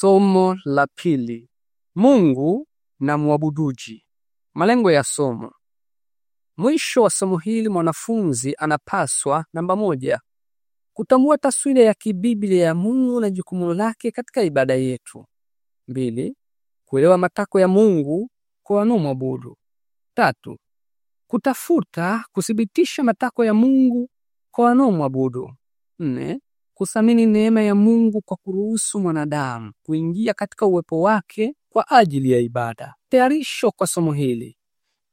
Somo la pili: Mungu na mwabuduji. Malengo ya somo. Mwisho wa somo hili mwanafunzi anapaswa namba moja, kutambua taswira ya kibiblia ya Mungu na jukumu lake katika ibada yetu. Mbili, kuelewa matako ya Mungu kwa wanaomwabudu. Tatu, kutafuta kuthibitisha matako ya Mungu kwa wanaomwabudu. Nne, kuthamini neema ya Mungu kwa kuruhusu mwanadamu kuingia katika uwepo wake kwa ajili ya ibada. Tayarisho kwa somo hili.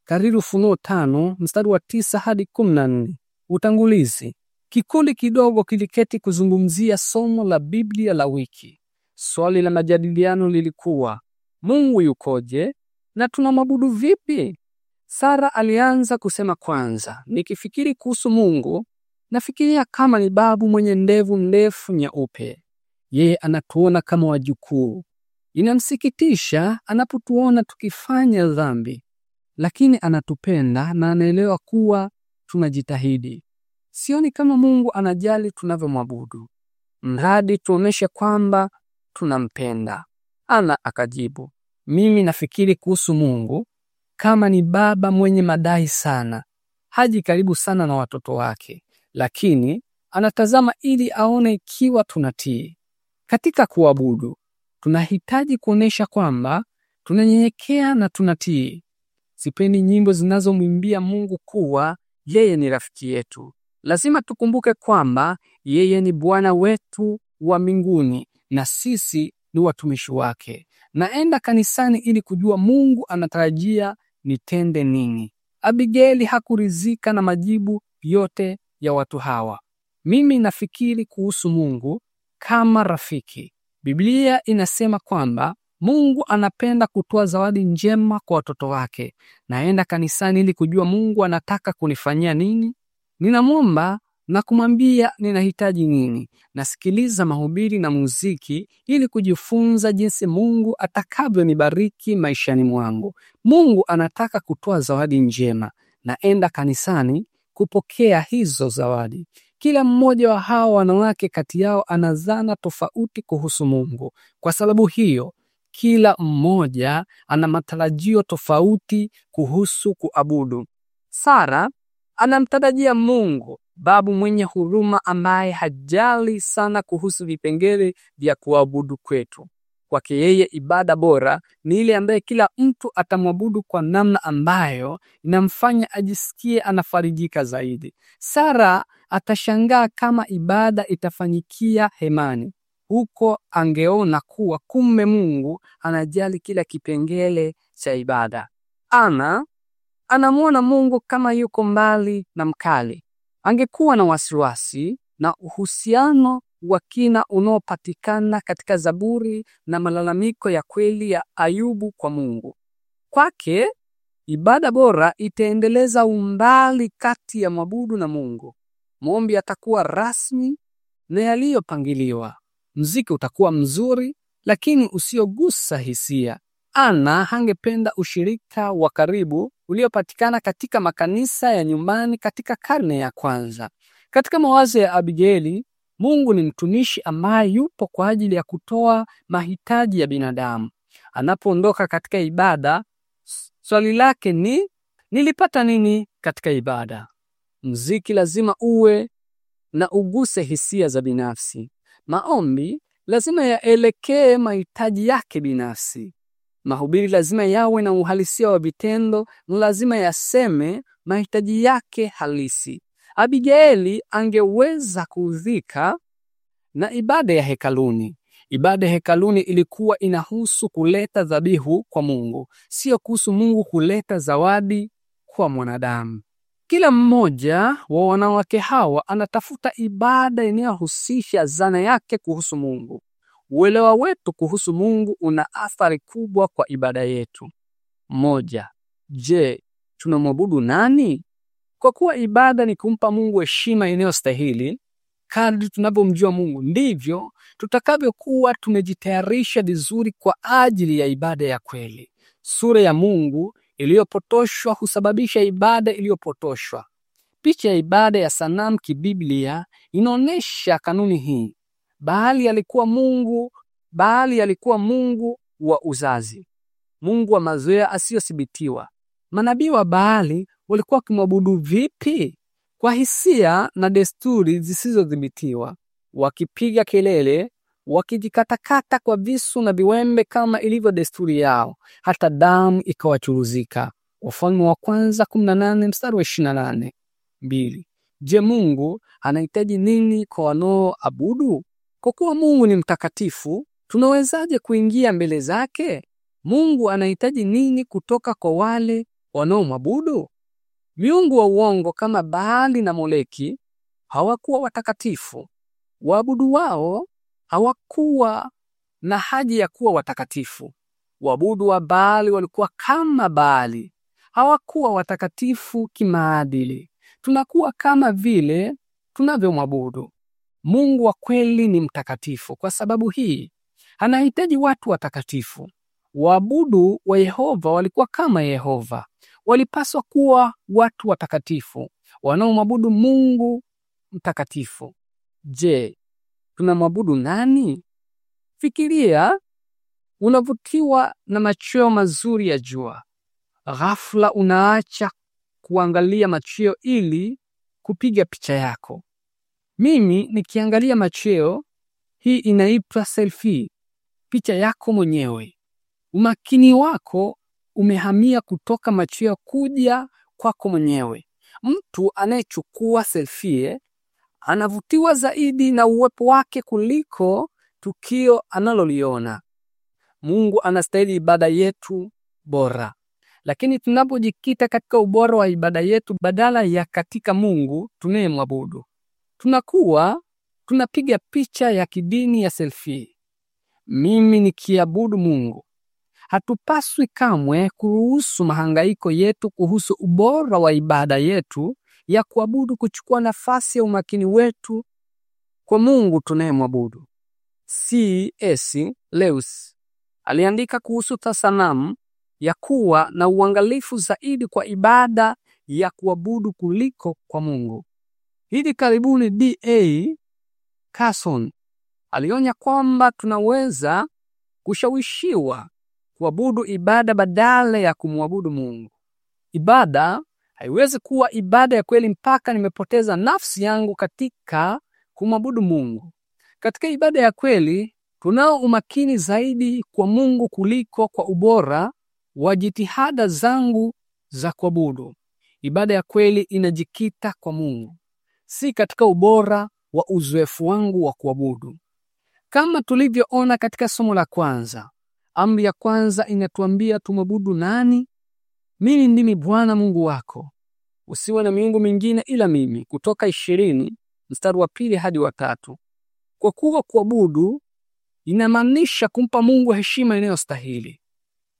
Kariri Ufunuo tano mstari wa tisa hadi kumi na nne. Utangulizi. Kikundi kidogo kiliketi kuzungumzia somo la Biblia la wiki. Swali la majadiliano lilikuwa Mungu yukoje na tunamwabudu vipi? Sara alianza kusema kwanza, nikifikiri kuhusu Mungu Nafikiria kama ni babu mwenye ndevu ndefu nyeupe. Yeye anatuona kama wajukuu. Inamsikitisha anapotuona tukifanya dhambi, lakini anatupenda na anaelewa kuwa tunajitahidi. Sioni kama Mungu anajali tunavyomwabudu, mradi tuoneshe kwamba tunampenda. Ana akajibu, mimi nafikiri kuhusu Mungu kama ni baba mwenye madai sana, haji karibu sana na watoto wake lakini anatazama ili aone ikiwa tunatii. Katika kuabudu, tunahitaji kuonesha kwamba tunanyenyekea na tunatii. Sipeni nyimbo zinazomwimbia Mungu kuwa yeye ni rafiki yetu. Lazima tukumbuke kwamba yeye ni Bwana wetu wa mbinguni na sisi ni watumishi wake. Naenda kanisani ili kujua Mungu anatarajia nitende nini. Abigaili hakuridhika na majibu yote ya watu hawa. Mimi nafikiri kuhusu Mungu kama rafiki. Biblia inasema kwamba Mungu anapenda kutoa zawadi njema kwa watoto wake. Naenda kanisani ili kujua Mungu anataka kunifanyia nini. Ninamwomba na kumwambia ninahitaji nini. Nasikiliza mahubiri na muziki ili kujifunza jinsi Mungu atakavyonibariki maishani mwangu. Mungu anataka kutoa zawadi njema. Naenda kanisani kupokea hizo zawadi. Kila mmoja wa hawa wanawake kati yao ana tofauti kuhusu Mungu. Kwa sababu hiyo, kila mmoja ana matarajio tofauti kuhusu kuabudu. Sara anamtarajia Mungu babu mwenye huruma ambaye hajali sana kuhusu vipengele vya kuabudu kwetu. Kwake yeye ibada bora ni ile ambaye kila mtu atamwabudu kwa namna ambayo inamfanya ajisikie anafarijika zaidi. Sara atashangaa kama ibada itafanyikia hemani. Huko angeona kuwa kumbe Mungu anajali kila kipengele cha ibada. Ana anamwona Mungu kama yuko mbali na mkali. Angekuwa na wasiwasi na uhusiano wa kina unaopatikana katika Zaburi na malalamiko ya kweli ya Ayubu kwa Mungu. Kwake ibada bora itaendeleza umbali kati ya mwabudu na Mungu. Maombi atakuwa rasmi na yaliyopangiliwa. Mziki utakuwa mzuri lakini usiogusa hisia. Ana hangependa ushirika wa karibu uliopatikana katika makanisa ya nyumbani katika karne ya kwanza. Katika mawazo ya Abigeli, Mungu ni mtumishi ambaye yupo kwa ajili ya kutoa mahitaji ya binadamu. Anapoondoka katika ibada, swali lake ni nilipata nini katika ibada? Mziki lazima uwe na uguse hisia za binafsi. Maombi lazima yaelekee mahitaji yake binafsi. Mahubiri lazima yawe na uhalisia wa vitendo na lazima yaseme mahitaji yake halisi. Abigaili angeweza kuudhika na ibada ya hekaluni. Ibada ya hekaluni ilikuwa inahusu kuleta dhabihu kwa Mungu, sio kuhusu Mungu kuleta zawadi kwa mwanadamu. Kila mmoja wa wanawake hawa anatafuta ibada inayohusisha zana yake kuhusu Mungu. Uelewa wetu kuhusu Mungu una athari kubwa kwa ibada yetu. Moja, je, tunamwabudu nani? Kwa kuwa ibada ni kumpa Mungu heshima inayostahili, kadri tunavyomjua Mungu ndivyo tutakavyokuwa tumejitayarisha vizuri kwa ajili ya ibada ya kweli. Sura ya Mungu iliyopotoshwa husababisha ibada iliyopotoshwa. Picha ya ibada ya sanamu kibiblia inaonyesha kanuni hii. Baali alikuwa mungu, Baali alikuwa mungu wa uzazi, mungu wa mazoea asiyothibitiwa. Manabii wa Baali walikuwa wakimwabudu vipi? Kwa hisia na desturi zisizodhibitiwa, wakipiga kelele, wakijikatakata kwa visu na viwembe kama ilivyo desturi yao, hata damu ikawachuruzika. Wafalme wa Kwanza 18 mstari wa 28. Mbili. Je, Mungu anahitaji nini kwa wanaoabudu? Kwa kuwa Mungu ni mtakatifu, tunawezaje kuingia mbele zake? Mungu anahitaji nini kutoka kwa wale wanaomwabudu? Miungu wa uongo kama Baali na Moleki hawakuwa watakatifu. Waabudu wao hawakuwa na haja ya kuwa watakatifu. Waabudu wa Baali walikuwa kama Baali, hawakuwa watakatifu kimaadili. Tunakuwa kama vile tunavyomwabudu. Mungu wa kweli ni mtakatifu. Kwa sababu hii, anahitaji watu watakatifu. Waabudu wa Yehova walikuwa kama Yehova, walipaswa kuwa watu watakatifu wanaomwabudu Mungu mtakatifu. Je, tunamwabudu nani? Fikiria, unavutiwa na machweo mazuri ya jua, ghafla unaacha kuangalia machweo ili kupiga picha yako. Mimi nikiangalia machweo, hii inaitwa selfie, picha yako mwenyewe. Umakini wako umehamia kutoka machweo kuja kwako mwenyewe. Mtu anayechukua selfie anavutiwa zaidi na uwepo wake kuliko tukio analoliona. Mungu anastahili ibada yetu bora, lakini tunapojikita katika ubora wa ibada yetu badala ya katika Mungu tunayemwabudu, tunakuwa tunapiga picha ya kidini ya selfie, mimi nikiabudu Mungu Hatupaswi kamwe kuruhusu mahangaiko yetu kuhusu ubora wa ibada yetu ya kuabudu kuchukua nafasi ya umakini wetu kwa Mungu tunayemwabudu. C.S. Lewis aliandika kuhusu tasanamu ya kuwa na uangalifu zaidi kwa ibada ya kuabudu kuliko kwa Mungu. Hivi karibuni D.A. Carson alionya kwamba tunaweza kushawishiwa kuabudu ibada badala ya kumwabudu Mungu. Ibada haiwezi kuwa ibada ya kweli mpaka nimepoteza nafsi yangu katika kumwabudu Mungu. Katika ibada ya kweli tunao umakini zaidi kwa Mungu kuliko kwa ubora wa jitihada zangu za kuabudu. Ibada ya kweli inajikita kwa Mungu, si katika ubora wa uzoefu wangu wa kuabudu. Kama tulivyoona katika somo la kwanza, Amri ya kwanza inatuambia tumwabudu nani? Mimi ndimi Bwana Mungu wako, usiwe na miungu mingine ila mimi. Kutoka ishirini mstari wa pili hadi wa tatu. Kwa kuwa kuabudu inamaanisha kumpa Mungu heshima inayostahili.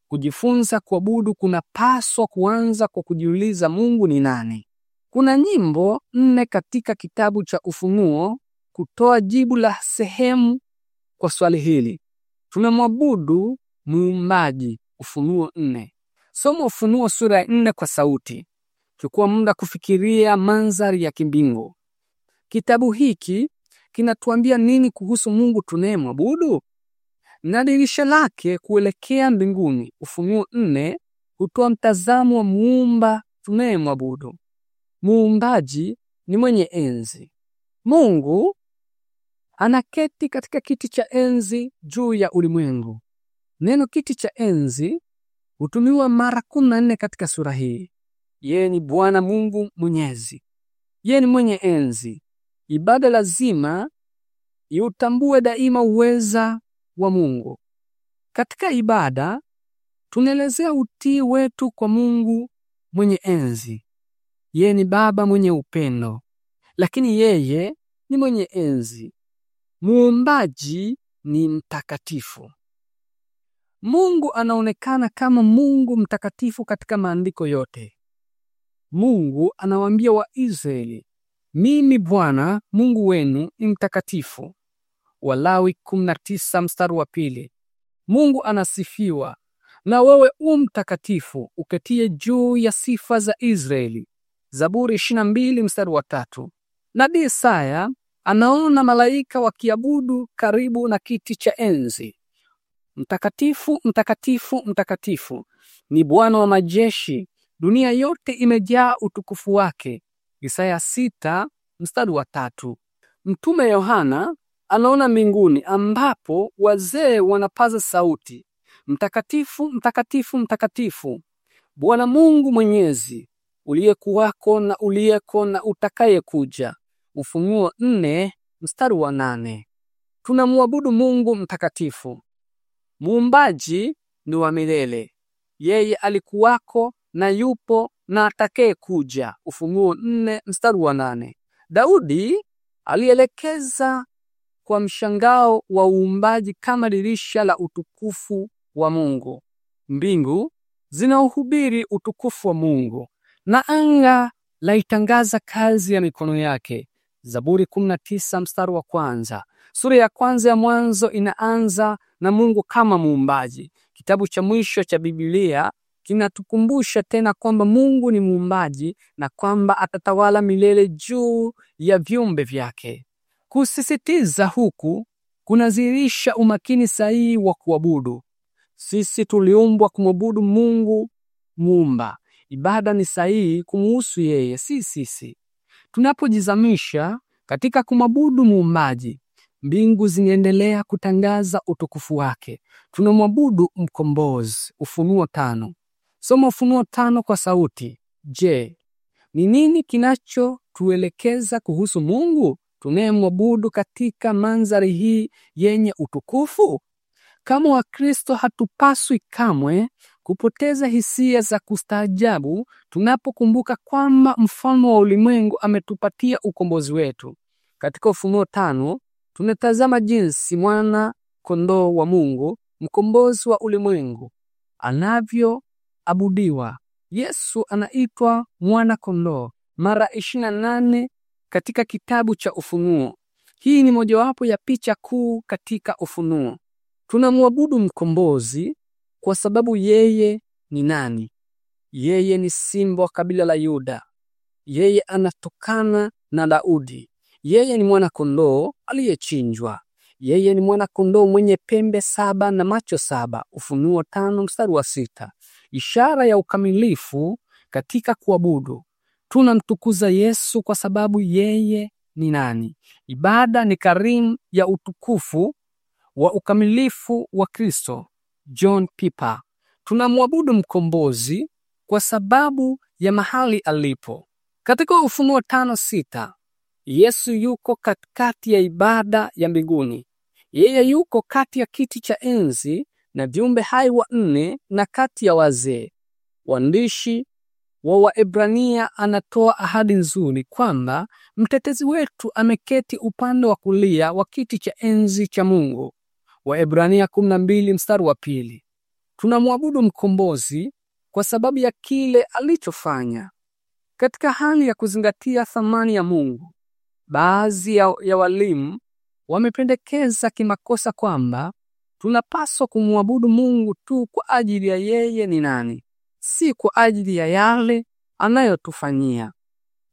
Kujifunza kuabudu kunapaswa kuanza kwa kujiuliza Mungu ni nani. Kuna nyimbo nne katika kitabu cha Ufunuo kutoa jibu la sehemu kwa swali hili. Tunamwabudu Muumbaji, Ufunuo nne. Soma Ufunuo sura ya nne kwa sauti. Chukua muda kufikiria mandhari ya kimbingu. Kitabu hiki kinatuambia nini kuhusu Mungu tunayemwabudu na dirisha lake kuelekea mbinguni? Ufunuo nne hutoa mtazamo wa muumba tunayemwabudu. Muumbaji ni mwenye enzi. Mungu anaketi katika kiti cha enzi juu ya ulimwengu. Neno kiti cha enzi hutumiwa mara kumi na nne katika sura hii. Yeye ni Bwana Mungu Mwenyezi, yeye ni mwenye enzi. Ibada lazima iutambue daima uweza wa Mungu. Katika ibada tunaelezea utii wetu kwa Mungu mwenye enzi. Yeye ni Baba mwenye upendo, lakini yeye ni mwenye enzi. Muumbaji ni mtakatifu. Mungu anaonekana kama Mungu mtakatifu katika maandiko yote. Mungu anawaambia Waisraeli, mimi Bwana Mungu wenu ni mtakatifu. Walawi 19 mstari wa pili. Mungu anasifiwa, na wewe u mtakatifu uketie juu ya sifa za Israeli. Zaburi 22 mstari wa tatu. Nabii Isaya anaona malaika wakiabudu karibu na kiti cha enzi. Mtakatifu, mtakatifu, mtakatifu ni Bwana wa majeshi, dunia yote imejaa utukufu wake. Isaya sita mstari wa tatu. Mtume Yohana anaona mbinguni ambapo wazee wanapaza sauti, mtakatifu, mtakatifu, mtakatifu Bwana Mungu Mwenyezi, uliyekuwako na uliyeko na utakayekuja. Ufunuo nne mstari wa nane. Tunamwabudu Mungu mtakatifu muumbaji ni wa milele, yeye alikuwako na yupo na atakaye kuja. Ufunguo nne mstari wa nane. Daudi alielekeza kwa mshangao wa uumbaji kama dirisha la utukufu wa Mungu. Mbingu zinauhubiri utukufu wa Mungu na anga laitangaza kazi ya mikono yake. Zaburi 19 mstari wa kwanza. Sura ya kwanza ya Mwanzo inaanza na Mungu kama muumbaji. Kitabu cha mwisho cha Biblia kinatukumbusha tena kwamba Mungu ni muumbaji na kwamba atatawala milele juu ya viumbe vyake. Kusisitiza huku kunazirisha umakini sahihi wa kuabudu. Sisi tuliumbwa kumwabudu Mungu muumba. Ibada ni sahihi kumuhusu yeye, si sisi. Tunapojizamisha katika kumwabudu muumbaji, Mbingu zinaendelea kutangaza utukufu wake. Tunamwabudu mkombozi. Ufunuo tano. Soma Ufunuo tano kwa sauti. Je, ni nini kinachotuelekeza kuhusu Mungu tunayemwabudu katika mandhari hii yenye utukufu? Kama Wakristo hatupaswi kamwe kupoteza hisia za kustaajabu tunapokumbuka kwamba mfalme wa ulimwengu ametupatia ukombozi wetu. Katika Ufunuo tano tunatazama jinsi mwana kondoo wa Mungu, mkombozi wa ulimwengu, anavyoabudiwa. Yesu anaitwa mwana kondoo mara 28 katika kitabu cha Ufunuo. Hii ni mojawapo ya picha kuu katika Ufunuo. Tunamwabudu mkombozi kwa sababu yeye ni nani? Yeye ni simba wa kabila la Yuda. Yeye anatokana na Daudi. Yeye ni mwana-kondoo aliyechinjwa. Yeye ni mwana-kondoo mwenye pembe saba na macho saba, Ufunuo tano mstari wa sita. Ishara ya ukamilifu katika kuabudu. Tunamtukuza Yesu kwa sababu yeye ni nani? Ibada ni karimu ya utukufu wa ukamilifu wa Kristo. John Piper. Tunamwabudu mkombozi kwa sababu ya mahali alipo. Katika Ufunuo tano sita Yesu yuko katikati ya ibada ya mbinguni. Yeye yuko kati ya kiti cha enzi na viumbe hai wanne na kati ya wazee. Waandishi wa Waebrania anatoa ahadi nzuri kwamba mtetezi wetu ameketi upande wa kulia wa kiti cha enzi cha Mungu. Waebrania 12 mstari wa pili. Tunamwabudu mkombozi kwa sababu ya kile alichofanya. Katika hali ya kuzingatia thamani ya Mungu, Baadhi ya, ya walimu wamependekeza kimakosa kwamba tunapaswa kumwabudu Mungu tu kwa ajili ya yeye ni nani, si kwa ajili ya yale anayotufanyia.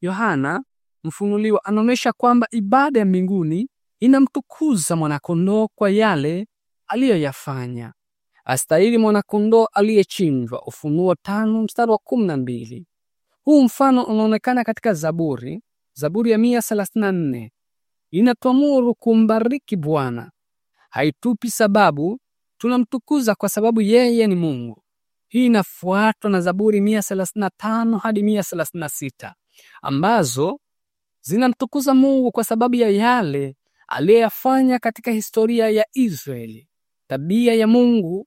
Yohana mfunuliwa anaonyesha kwamba ibada ya mbinguni inamtukuza mwanakondoo kwa yale aliyoyafanya. Astahili mwanakondoo aliyechinjwa, Ufunuo tano mstari wa kumi na mbili. Huu mfano unaonekana katika Zaburi Zaburi ya 134 inatuamuru kumbariki Bwana, haitupi sababu, tunamtukuza kwa sababu yeye ni Mungu. Hii inafuatwa na Zaburi 135 hadi 136 ambazo zinamtukuza Mungu kwa sababu ya yale aliyofanya katika historia ya Israeli, tabia ya Mungu,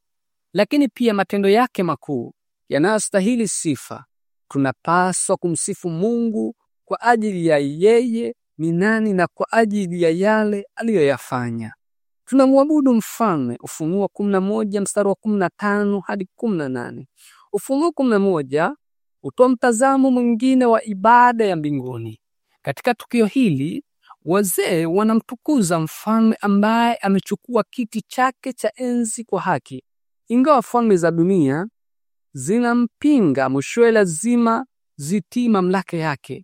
lakini pia matendo yake makuu yanayostahili sifa. Tunapaswa kumsifu Mungu kwa ajili ya yeye ni nani na kwa ajili ya yale aliyoyafanya. Tunamwabudu mfalme, Ufunuo 11 mstari wa 15 hadi 18. Ufunuo 11 hutoa mtazamo mwingine wa ibada ya mbinguni. Katika tukio hili, wazee wanamtukuza mfalme ambaye amechukua kiti chake cha enzi kwa haki. Ingawa falme za dunia zinampinga, mwishowe lazima zitii mamlaka yake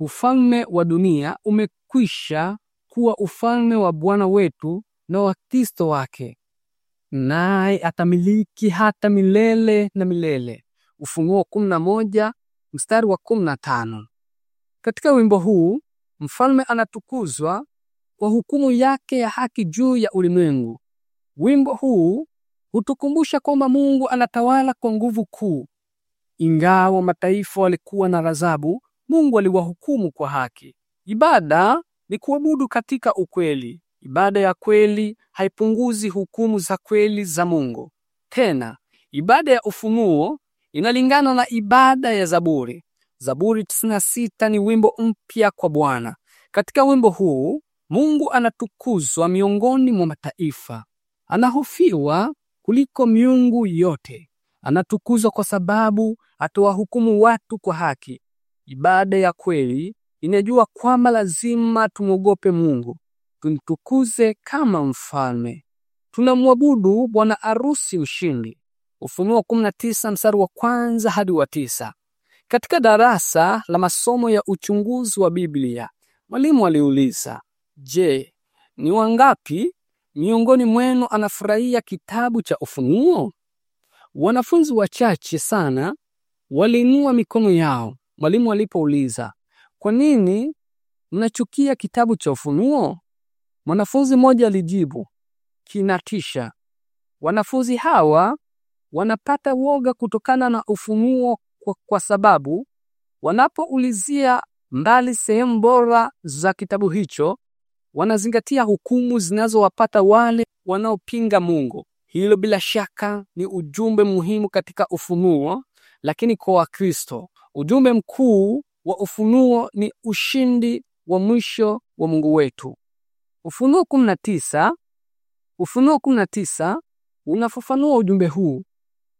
ufalme wa dunia umekwisha kuwa ufalme wa Bwana wetu na wa Kristo wake, naye atamiliki hata milele na milele. Ufunuo moja mstari wa tano. Katika wimbo huu mfalme anatukuzwa kwa hukumu yake ya haki juu ya ulimwengu. Wimbo huu hutukumbusha kwamba Mungu anatawala kwa nguvu kuu. Ingawa mataifa walikuwa na ghadhabu, Mungu aliwahukumu kwa haki. Ibada ni kuabudu katika ukweli. Ibada ya kweli haipunguzi hukumu za kweli za Mungu. Tena ibada ya ufunuo inalingana na ibada ya Zaburi. Zaburi 96 ni wimbo mpya kwa Bwana. Katika wimbo huu Mungu anatukuzwa miongoni mwa mataifa, anahofiwa kuliko miungu yote. Anatukuzwa kwa sababu atawahukumu watu kwa haki. Ibada ya kweli inajua kwamba lazima tumwogope Mungu, tumtukuze kama mfalme, tunamwabudu bwana arusi mshindi. Ufunuo 19 mstari wa kwanza hadi wa tisa. Katika darasa la masomo ya uchunguzi wa Biblia, mwalimu aliuliza, "Je, ni wangapi miongoni mwenu anafurahia kitabu cha Ufunuo?" Wanafunzi wachache sana waliinua mikono yao. Mwalimu alipouliza, kwa nini mnachukia kitabu cha Ufunuo? Mwanafunzi mmoja alijibu, kinatisha. Wanafunzi hawa wanapata woga kutokana na ufunuo kwa, kwa sababu wanapoulizia mbali sehemu bora za kitabu hicho wanazingatia hukumu zinazowapata wale wanaopinga Mungu. Hilo bila shaka ni ujumbe muhimu katika Ufunuo, lakini kwa Wakristo Ujumbe mkuu wa ufunuo ni ushindi wa mwisho wa Mungu wetu. Ufunuo 19 Ufunuo 19 unafafanua ujumbe huu.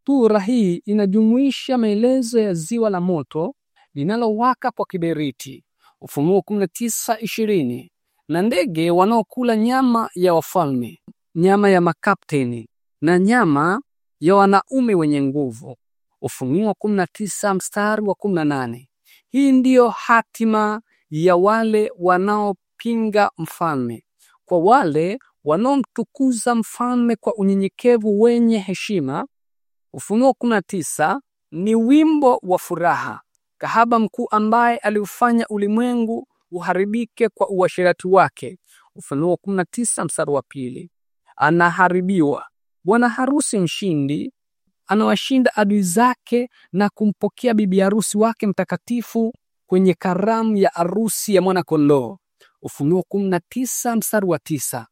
tura hii inajumuisha maelezo ya ziwa la moto linalowaka kwa kiberiti, Ufunuo 19:20, na ndege wanaokula nyama ya wafalme, nyama ya makapteni na nyama ya wanaume wenye nguvu, Ufunuo kumi tisa mstari wa nane. Hii ndiyo hatima ya wale wanaopinga mfalme. Kwa wale wanaomtukuza mfalme kwa unyenyekevu wenye heshima, Ufunuo 19 ni wimbo wa furaha. Kahaba mkuu ambaye aliufanya ulimwengu uharibike kwa uasherati wake. Ufunuo 19 mstari wa pili. Anaharibiwa. Bwana harusi mshindi anawashinda adui zake na kumpokea bibi harusi wake mtakatifu kwenye karamu ya arusi ya mwana kondoo. Ufunuo 19 mstari wa tisa.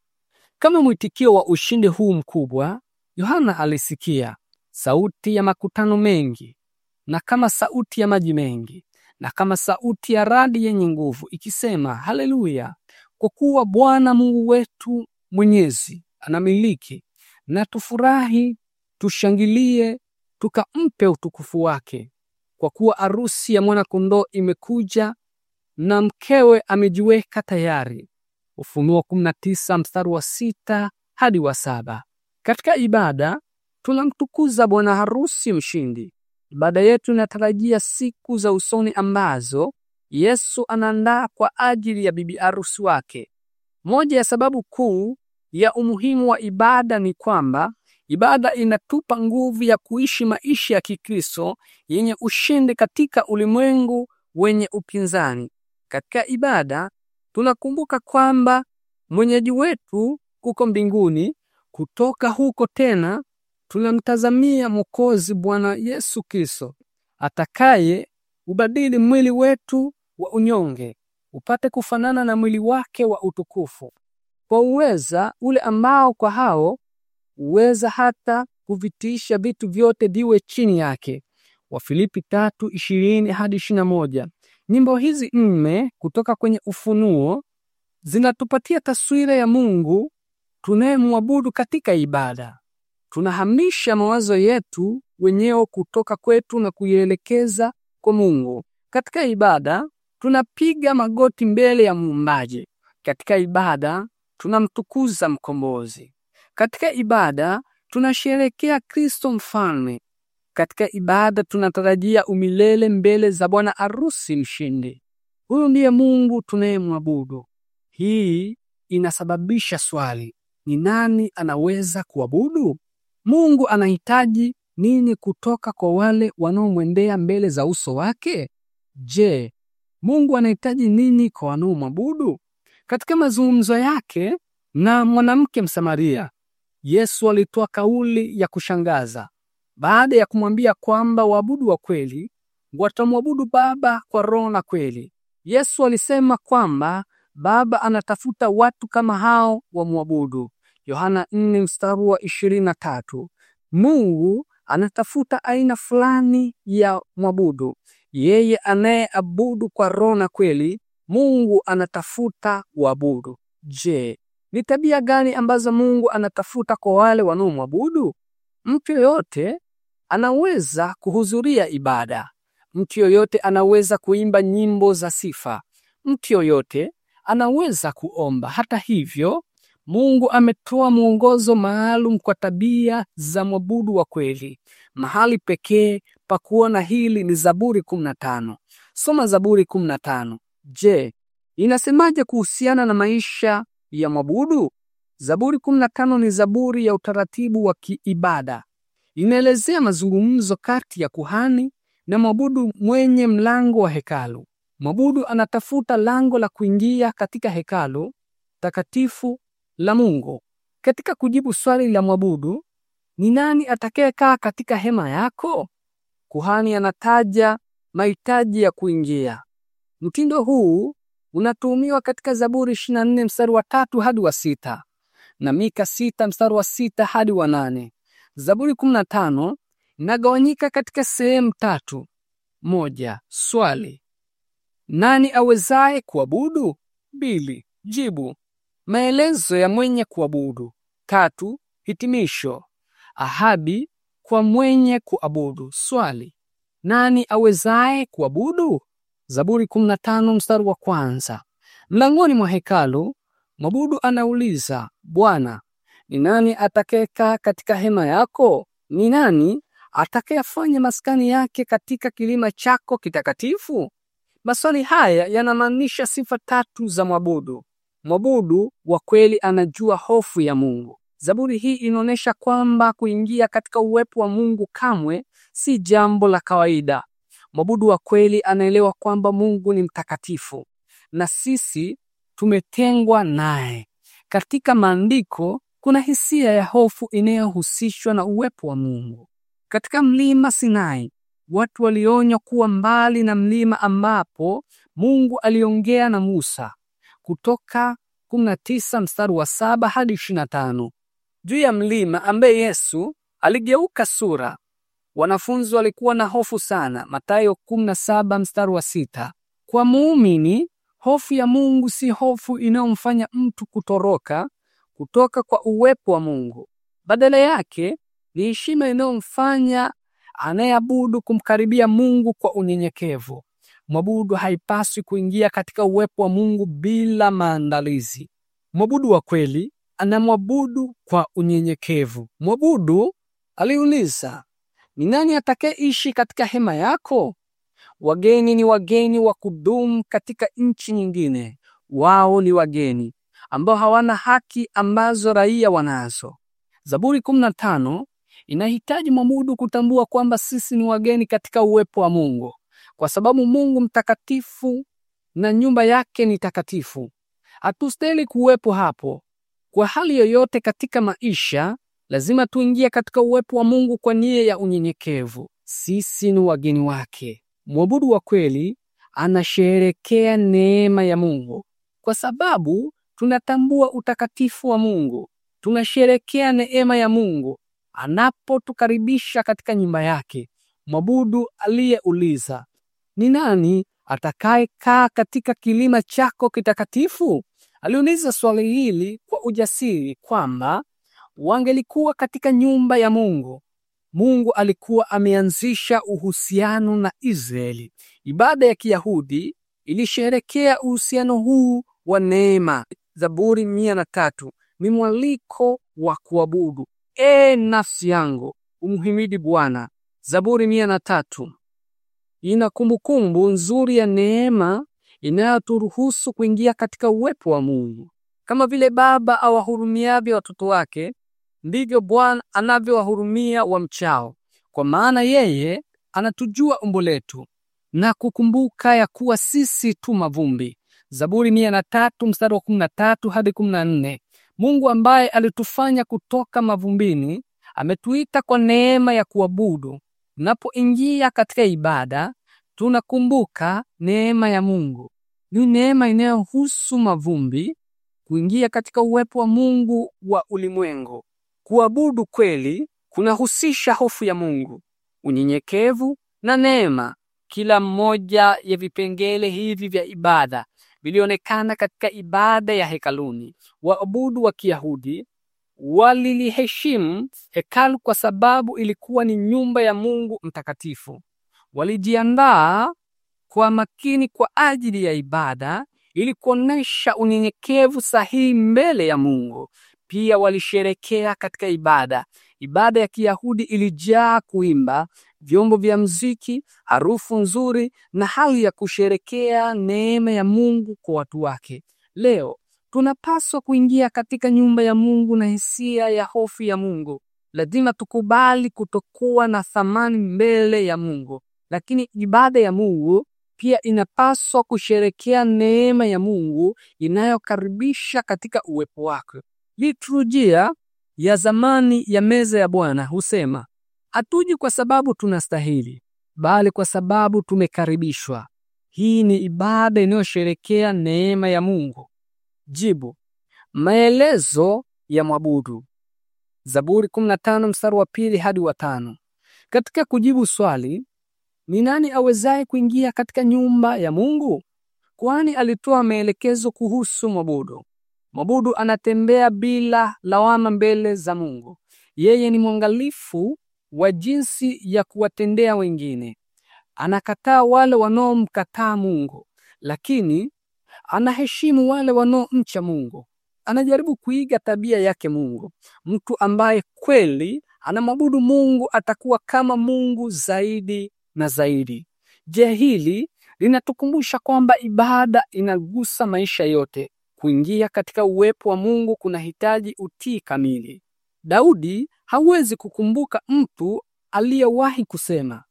Kama mwitikio wa ushindi huu mkubwa, Yohana alisikia sauti ya makutano mengi na kama sauti ya maji mengi na kama sauti ya radi yenye nguvu ikisema, haleluya! Kwa kuwa Bwana Mungu wetu mwenyezi anamiliki, na tufurahi tushangilie tukampe utukufu wake, kwa kuwa arusi ya mwanakondoo imekuja na mkewe amejiweka tayari. Ufunuo 19 mstari wa sita hadi wa saba. Katika ibada tunamtukuza bwana harusi mshindi. Ibada yetu inatarajia siku za usoni ambazo Yesu anaandaa kwa ajili ya bibi harusi wake. Moja ya sababu kuu ya umuhimu wa ibada ni kwamba Ibada inatupa nguvu ya kuishi maisha ya Kikristo yenye ushindi katika ulimwengu wenye upinzani. Katika ibada tunakumbuka kwamba mwenyeji wetu kuko mbinguni. Kutoka huko tena tunamtazamia Mwokozi Bwana Yesu Kristo atakaye ubadili mwili wetu wa unyonge upate kufanana na mwili wake wa utukufu kwa uweza ule ambao kwa hao huweza hata kuvitiisha vitu vyote viwe chini yake. Wafilipi 3:20 hadi 21. Nyimbo hizi nne kutoka kwenye Ufunuo zinatupatia taswira ya Mungu tunayemwabudu katika ibada. Tunahamisha mawazo yetu wenyewe kutoka kwetu na kuielekeza kwa Mungu. Katika ibada tunapiga magoti mbele ya Muumbaji. Katika ibada tunamtukuza Mkombozi. Katika ibada tunasherekea Kristo mfalme. Katika ibada tunatarajia umilele mbele za bwana arusi mshindi. Huyu ndiye Mungu tunayemwabudu. Hii inasababisha swali, ni nani anaweza kuabudu? Mungu anahitaji nini kutoka kwa wale wanaomwendea mbele za uso wake? Je, Mungu anahitaji nini kwa wanaomwabudu? Katika mazungumzo yake na mwanamke Msamaria, Yesu alitoa kauli ya kushangaza baada ya kumwambia kwamba waabudu wa kweli watamwabudu Baba kwa roho na kweli. Yesu alisema kwamba Baba anatafuta watu kama hao wamwabudu. Yohana 4 mstari wa 23. Mungu anatafuta aina fulani ya mwabudu, yeye anayeabudu kwa roho na kweli. Mungu anatafuta waabudu. Je, ni tabia gani ambazo Mungu anatafuta kwa wale wanaomwabudu? Mtu yoyote anaweza kuhudhuria ibada. Mtu yoyote anaweza kuimba nyimbo za sifa. Mtu yoyote anaweza kuomba. Hata hivyo, Mungu ametoa mwongozo maalum kwa tabia za mwabudu wa kweli. Mahali pekee pa kuona hili ni Zaburi 15. Soma Zaburi 15. Je, inasemaje kuhusiana na maisha ya mabudu. Zaburi 15 ni zaburi ya utaratibu wa kiibada. Inaelezea mazungumzo kati ya kuhani na mwabudu mwenye mlango wa hekalu. Mwabudu anatafuta lango la kuingia katika hekalu takatifu la Mungu. Katika kujibu swali la mwabudu, ni nani atakayekaa katika hema yako? Kuhani anataja mahitaji ya kuingia. Mtindo huu unatuhumiwa katika Zaburi 24 mstari wa tatu hadi wa sita na Mika sita mstari wa sita hadi wa nane. Zaburi 15 inagawanyika katika sehemu tatu. Moja, swali nani awezaye kuabudu? Mbili, jibu maelezo ya mwenye kuabudu. Tatu, hitimisho ahadi kwa mwenye kuabudu. Swali nani awezaye kuabudu? Zaburi 15 mstari wa kwanza. Mlangoni mwa hekalu mwabudu anauliza, Bwana, ni nani atakayekaa katika hema yako? Ni nani atakayefanya maskani yake katika kilima chako kitakatifu? Maswali haya yanamaanisha sifa tatu za mwabudu. Mwabudu wa kweli anajua hofu ya Mungu. Zaburi hii inaonyesha kwamba kuingia katika uwepo wa Mungu kamwe si jambo la kawaida. Mwabudu wa kweli anaelewa kwamba Mungu ni mtakatifu na sisi tumetengwa naye. Katika maandiko kuna hisia ya hofu inayohusishwa na uwepo wa Mungu. Katika mlima Sinai, watu walionywa kuwa mbali na mlima ambapo Mungu aliongea na Musa, Kutoka 19 mstari wa 7 hadi 25, juu ya mlima ambaye Yesu aligeuka sura Wanafunzi walikuwa na hofu sana, Mathayo 17 mstari wa sita. Kwa muumini, hofu ya Mungu si hofu inayomfanya mtu kutoroka kutoka kwa uwepo wa Mungu. Badala yake ni heshima inayomfanya anayeabudu kumkaribia Mungu kwa unyenyekevu. Mwabudu haipaswi kuingia katika uwepo wa Mungu bila maandalizi. Mwabudu wa kweli anamwabudu kwa unyenyekevu. Mwabudu aliuliza, ni nani atakayeishi katika hema yako? Wageni ni wageni wa kudumu katika nchi nyingine. Wao ni wageni ambao hawana haki ambazo raia wanazo. Zaburi 15 inahitaji mwabudu kutambua kwamba sisi ni wageni katika uwepo wa Mungu, kwa sababu Mungu mtakatifu na nyumba yake ni takatifu. Hatustahili kuwepo hapo kwa hali yoyote katika maisha Lazima tuingie katika uwepo wa Mungu kwa nia ya unyenyekevu. Sisi ni wageni wake. Mwabudu wa kweli anasherekea neema ya Mungu kwa sababu tunatambua utakatifu wa Mungu. Tunasherekea neema ya Mungu anapotukaribisha katika nyumba yake. Mwabudu aliyeuliza, ni nani atakayekaa katika kilima chako kitakatifu? Aliuliza swali hili kwa ujasiri kwamba wangelikuwa katika nyumba ya Mungu, Mungu alikuwa ameanzisha uhusiano na Israeli. Ibada ya Kiyahudi ilisherekea uhusiano huu wa neema. Zaburi mia na tatu ni mwaliko wa kuabudu. E nafsi yangu umhimidi Bwana. Zaburi mia na tatu ina kumbukumbu nzuri ya neema inayoturuhusu kuingia katika uwepo wa Mungu. Kama vile baba awahurumiavyo watoto wake, ndivyo Bwana anavyowahurumia wamchao, kwa maana yeye anatujua umbo letu na kukumbuka ya kuwa sisi tu mavumbi. Zaburi 103 mstari wa 13 hadi 14. Mungu ambaye alitufanya kutoka mavumbini ametuita kwa neema ya kuabudu. Tunapoingia katika ibada, tunakumbuka neema ya Mungu. Ni neema inayohusu mavumbi kuingia katika uwepo wa Mungu wa ulimwengu. Kuabudu kweli kunahusisha hofu ya Mungu, unyenyekevu na neema. Kila mmoja ya vipengele hivi vya ibada vilionekana katika ibada ya hekaluni. Waabudu wa Kiyahudi waliliheshimu hekalu kwa sababu ilikuwa ni nyumba ya Mungu mtakatifu. Walijiandaa kwa makini kwa ajili ya ibada ili kuonesha unyenyekevu sahihi mbele ya Mungu. Pia walisherekea katika ibada. Ibada ya Kiyahudi ilijaa kuimba, vyombo vya mziki, harufu nzuri na hali ya kusherekea neema ya Mungu kwa watu wake. Leo tunapaswa kuingia katika nyumba ya Mungu na hisia ya hofu ya Mungu. Lazima tukubali kutokuwa na thamani mbele ya Mungu, lakini ibada ya Mungu pia inapaswa kusherekea neema ya Mungu inayokaribisha katika uwepo wake. Liturujia ya zamani ya meza ya Bwana husema hatuji kwa sababu tunastahili, bali kwa sababu tumekaribishwa. Hii ni ibada inayosherekea neema ya Mungu. Jibu: maelezo ya mwabudu, Zaburi 15 mstari wa pili hadi wa tano. Katika kujibu swali ni nani awezaye kuingia katika nyumba ya Mungu, kwani alitoa maelekezo kuhusu mwabudu. Mwabudu anatembea bila lawama mbele za Mungu. Yeye ni mwangalifu wa jinsi ya kuwatendea wengine. Anakataa wale wanaomkataa Mungu, lakini anaheshimu wale wanaomcha Mungu. Anajaribu kuiga tabia yake Mungu. Mtu ambaye kweli anamwabudu Mungu atakuwa kama Mungu zaidi na zaidi. Je, hili linatukumbusha kwamba ibada inagusa maisha yote. Kuingia katika uwepo wa Mungu kunahitaji utii kamili. Daudi hawezi kukumbuka mtu aliyewahi kusema,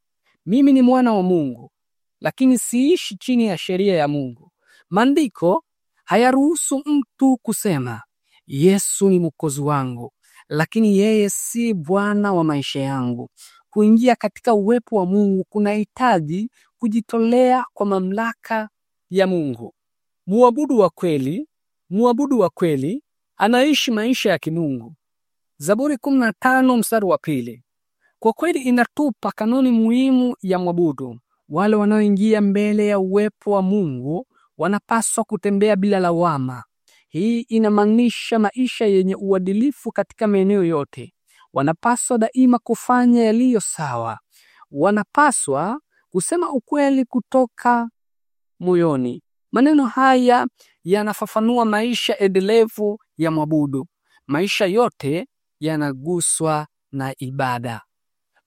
mimi ni mwana wa Mungu, lakini siishi chini ya sheria ya Mungu. Maandiko hayaruhusu mtu kusema, Yesu ni mwokozi wangu, lakini yeye si bwana wa maisha yangu. Kuingia katika uwepo wa Mungu kunahitaji kujitolea kwa mamlaka ya Mungu. Muabudu wa kweli Mwabudu wa kweli anaishi maisha ya kimungu. Zaburi 15 mstari wa pili kwa kweli inatupa kanuni muhimu ya mwabudu. Wale wanaoingia mbele ya uwepo wa Mungu wanapaswa kutembea bila lawama. Hii inamaanisha maisha yenye uadilifu katika maeneo yote. Wanapaswa daima kufanya yaliyo sawa. Wanapaswa kusema ukweli kutoka moyoni. Maneno haya yanafafanua maisha endelevu ya mwabudu. Maisha yote yanaguswa na ibada.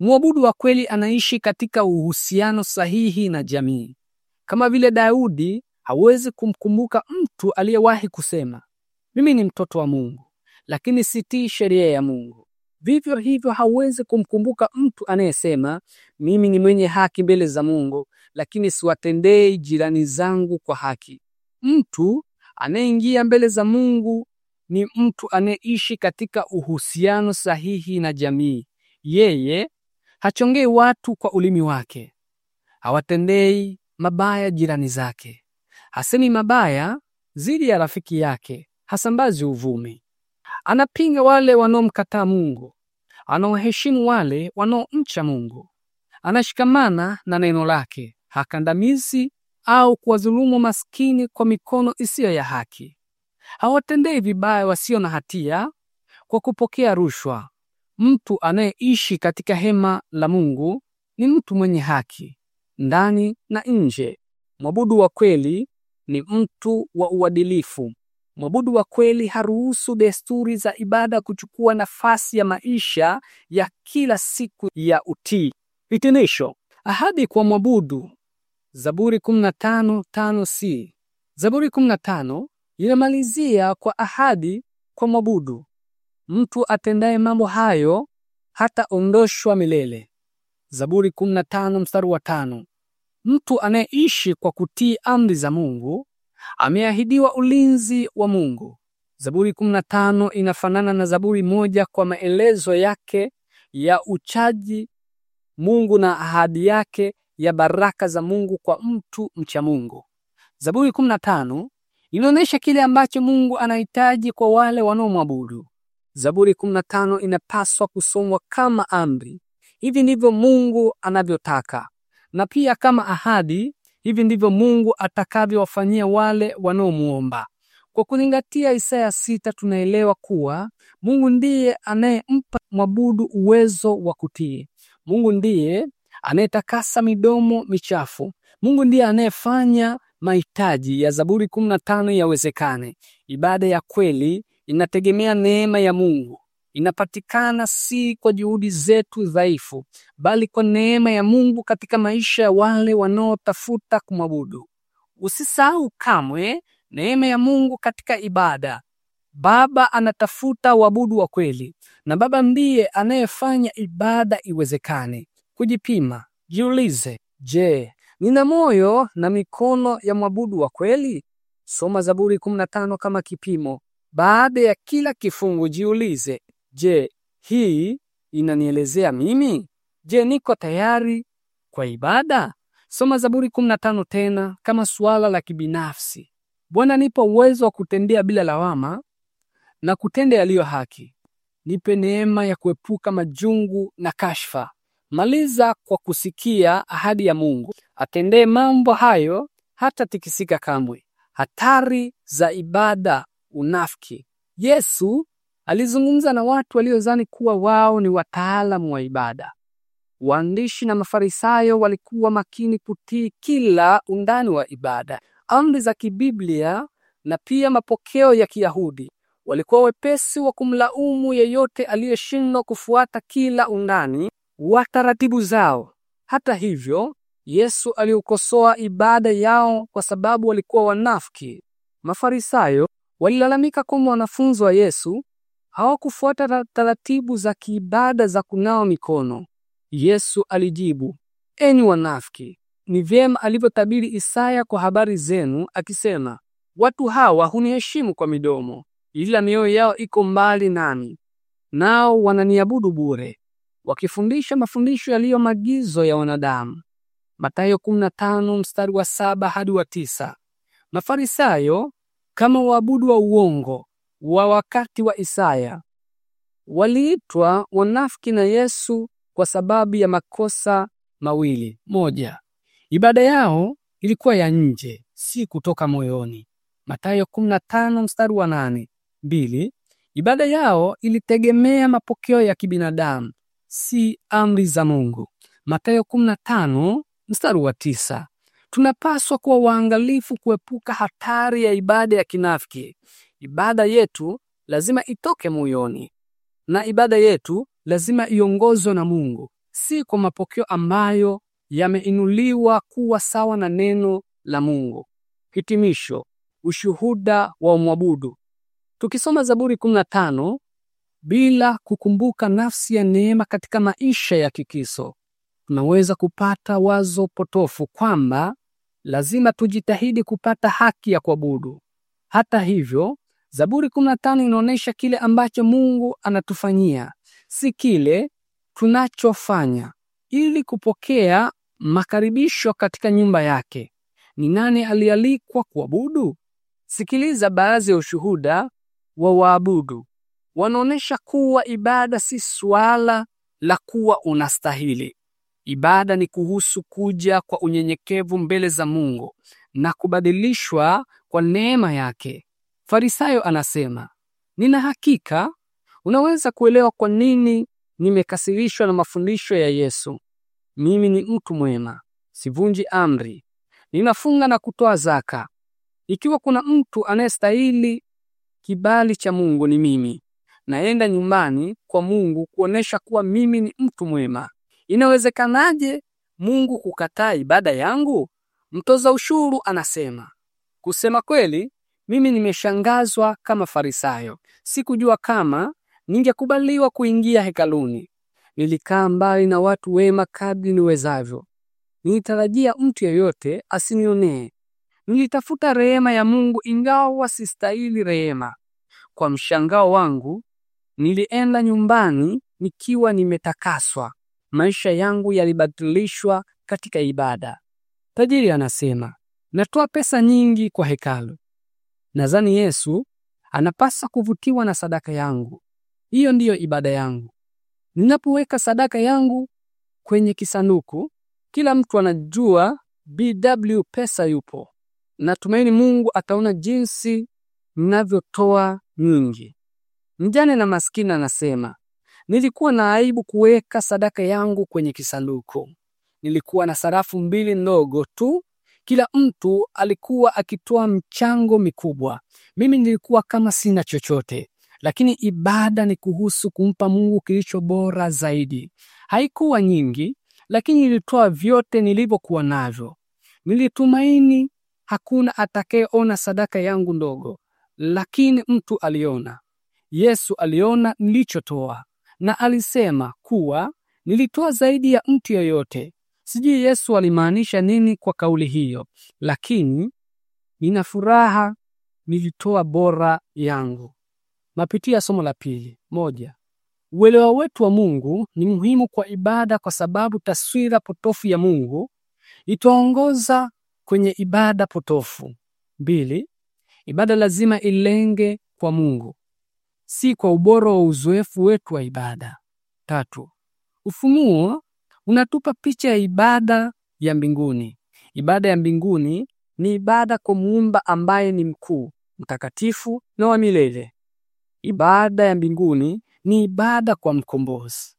Mwabudu wa kweli anaishi katika uhusiano sahihi na jamii. Kama vile Daudi hawezi kumkumbuka mtu aliyewahi kusema, mimi ni mtoto wa Mungu, lakini sitii sheria ya Mungu. Vivyo hivyo hawezi kumkumbuka mtu anayesema, mimi ni mwenye haki mbele za Mungu, lakini siwatendei jirani zangu kwa haki. Mtu anayeingia mbele za Mungu ni mtu anayeishi katika uhusiano sahihi na jamii. Yeye hachongei watu kwa ulimi wake, hawatendei mabaya jirani zake, hasemi mabaya dhidi ya rafiki yake, hasambazi uvumi, anapinga wale wanaomkataa Mungu, anaoheshimu wale wanaomcha Mungu, anashikamana na neno lake, hakandamizi au kuwadhulumu maskini kwa mikono isiyo ya haki. Hawatendei vibaya wasio na hatia kwa kupokea rushwa. Mtu anayeishi katika hema la Mungu ni mtu mwenye haki ndani na nje. Mwabudu wa kweli ni mtu wa uadilifu. Mwabudu wa kweli haruhusu desturi za ibada kuchukua nafasi ya maisha ya kila siku ya utii. Hitimisho: ahadi kwa mwabudu Zaburi 15:5c. Zaburi 15 inamalizia kwa ahadi kwa mwabudu. Mtu atendaye mambo hayo hataondoshwa milele. Zaburi 15 mstari wa tano. Mtu anayeishi kwa kutii amri za Mungu ameahidiwa ulinzi wa Mungu. Zaburi 15 inafanana na Zaburi moja kwa maelezo yake ya uchaji Mungu na ahadi yake ya baraka za Mungu kwa mtu mcha Mungu. Zaburi 15 inaonyesha kile ambacho Mungu anahitaji kwa wale wanaomwabudu. Zaburi 15 inapaswa kusomwa kama amri. Hivi ndivyo Mungu anavyotaka. Na pia kama ahadi, hivi ndivyo Mungu atakavyowafanyia wale wanaomuomba. Kwa kuzingatia Isaya sita, tunaelewa kuwa Mungu ndiye anayempa mwabudu uwezo wa kutii. Mungu ndiye anayetakasa midomo michafu. Mungu ndiye anayefanya mahitaji ya Zaburi 15 yawezekane. Ibada ya kweli inategemea neema ya Mungu, inapatikana si kwa juhudi zetu dhaifu, bali kwa neema ya Mungu katika maisha ya wale wanaotafuta kumwabudu. Usisahau kamwe neema ya Mungu katika ibada. Baba anatafuta waabudu wa kweli, na Baba ndiye anayefanya ibada iwezekane kujipima. Jiulize, je, nina moyo na mikono ya mwabudu wa kweli? Soma Zaburi 15 kama kipimo. Baada ya kila kifungu jiulize, je, hii inanielezea mimi? Je, niko tayari kwa ibada? Soma Zaburi 15 tena kama suala la kibinafsi. Bwana, nipo uwezo wa kutendea bila lawama na kutenda yaliyo haki. Nipe neema ya kuepuka majungu na kashfa. Maliza kwa kusikia ahadi ya Mungu, atendee mambo hayo, tikisika kamwe. Hatari za ibada unafiki. Yesu alizungumza na watu waliozani kuwa wao ni wataalamu wa ibada. Waandishi na Mafarisayo walikuwa makini kutii kila undani wa ibada, amri za kibiblia na pia mapokeo ya Kiyahudi. Walikuwa wepesi wa kumlaumu yeyote aliyeshindwa kufuata kila undani wa taratibu zao. Hata hivyo, Yesu aliukosoa ibada yao kwa sababu walikuwa wanafiki. Mafarisayo walilalamika kwamba wanafunzi wa Yesu hawakufuata taratibu za kiibada za kunawa mikono. Yesu alijibu, enyi wanafiki, ni vyema alivyotabiri Isaya kwa habari zenu akisema, watu hawa huniheshimu kwa midomo, ila mioyo yao iko mbali nami, nao wananiabudu bure wakifundisha mafundisho yaliyo magizo ya wanadamu. Mathayo 15 mstari wa saba hadi wa tisa. Mafarisayo kama waabudu wa uongo wa wakati wa Isaya waliitwa wanafiki na Yesu kwa sababu ya makosa mawili. Moja, ibada yao ilikuwa ya nje, si kutoka moyoni. Mathayo 15 mstari wa nane. Mbili, ibada yao ilitegemea mapokeo ya kibinadamu, si amri za Mungu. Mathayo 15 mstari wa tisa. Tunapaswa kuwa waangalifu kuepuka hatari ya ibada ya kinafiki. Ibada yetu lazima itoke moyoni, na ibada yetu lazima iongozwe na Mungu, si kwa mapokeo ambayo yameinuliwa kuwa sawa na neno la Mungu. Hitimisho: ushuhuda wa mwabudu. Tukisoma Zaburi bila kukumbuka nafsi ya neema katika maisha ya kikiso, tunaweza kupata wazo potofu kwamba lazima tujitahidi kupata haki ya kuabudu. Hata hivyo, Zaburi 15 inaonyesha kile ambacho Mungu anatufanyia, si kile tunachofanya. Ili kupokea makaribisho katika nyumba yake, ni nani alialikwa kuabudu? Sikiliza baadhi ya ushuhuda wa waabudu wanaonesha kuwa ibada si suala la kuwa unastahili. Ibada ni kuhusu kuja kwa unyenyekevu mbele za Mungu na kubadilishwa kwa neema yake. Farisayo anasema, nina hakika unaweza kuelewa kwa nini nimekasirishwa na mafundisho ya Yesu. Mimi ni mtu mwema, sivunji amri, ninafunga na kutoa zaka. Ikiwa kuna mtu anayestahili kibali cha Mungu ni mimi naenda nyumbani kwa Mungu kuonesha kuwa mimi ni mtu mwema. Inawezekanaje Mungu kukataa ibada yangu? Mtoza ushuru anasema, kusema kweli, mimi nimeshangazwa kama Farisayo. Sikujua kama ningekubaliwa kuingia hekaluni. Nilikaa mbali na watu wema kadri niwezavyo. Nilitarajia mtu yeyote asinionee. Nilitafuta rehema ya Mungu ingawa sistahili rehema. Kwa mshangao wangu, Nilienda nyumbani nikiwa nimetakaswa, maisha yangu yalibatilishwa katika ibada. Tajiri anasema natoa pesa nyingi kwa hekalu. Nadhani Yesu anapasa kuvutiwa na sadaka yangu. Hiyo ndiyo ibada yangu. Ninapoweka sadaka yangu kwenye kisanduku, kila mtu anajua BW pesa yupo. Natumaini Mungu ataona jinsi ninavyotoa nyingi. Mjane na maskini anasema, nilikuwa na aibu kuweka sadaka yangu kwenye kisanduku. Nilikuwa na sarafu mbili ndogo tu. Kila mtu alikuwa akitoa mchango mikubwa. Mimi nilikuwa kama sina chochote. Lakini ibada ni kuhusu kumpa Mungu kilicho bora zaidi. Haikuwa nyingi, lakini nilitoa vyote nilivyokuwa navyo. Nilitumaini hakuna atakayeona sadaka yangu ndogo, lakini mtu aliona. Yesu aliona nilichotoa na alisema kuwa nilitoa zaidi ya mtu yoyote Sijui Yesu alimaanisha nini kwa kauli hiyo, lakini nina furaha nilitoa bora yangu. Mapitia somo la pili. Moja, uelewa wetu wa Mungu ni muhimu kwa ibada kwa sababu taswira potofu ya Mungu itaongoza kwenye ibada potofu. Mbili, ibada lazima ilenge kwa Mungu si kwa ubora wa uzoefu wetu wa ibada. Tatu, ufunuo unatupa picha ya ibada ya mbinguni. Ibada ya mbinguni ni ibada kwa muumba ambaye ni mkuu, mtakatifu na wa milele. Ibada ya mbinguni ni ibada kwa mkombozi.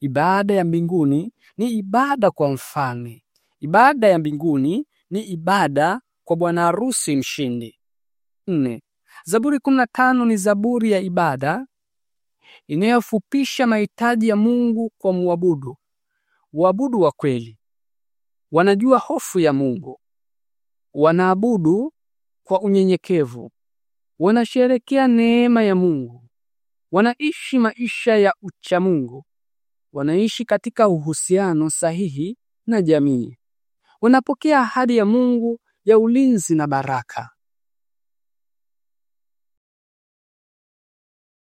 Ibada ya mbinguni ni ibada kwa mfalme. Ibada ya mbinguni ni ibada kwa bwana harusi mshindi. Nne, Zaburi 15 ni zaburi ya ibada inayofupisha mahitaji ya Mungu kwa muabudu. Waabudu wa kweli wanajua hofu ya Mungu, wanaabudu kwa unyenyekevu, wanasherekea neema ya Mungu, wanaishi maisha ya ucha Mungu, wanaishi katika uhusiano sahihi na jamii, wanapokea ahadi ya Mungu ya ulinzi na baraka.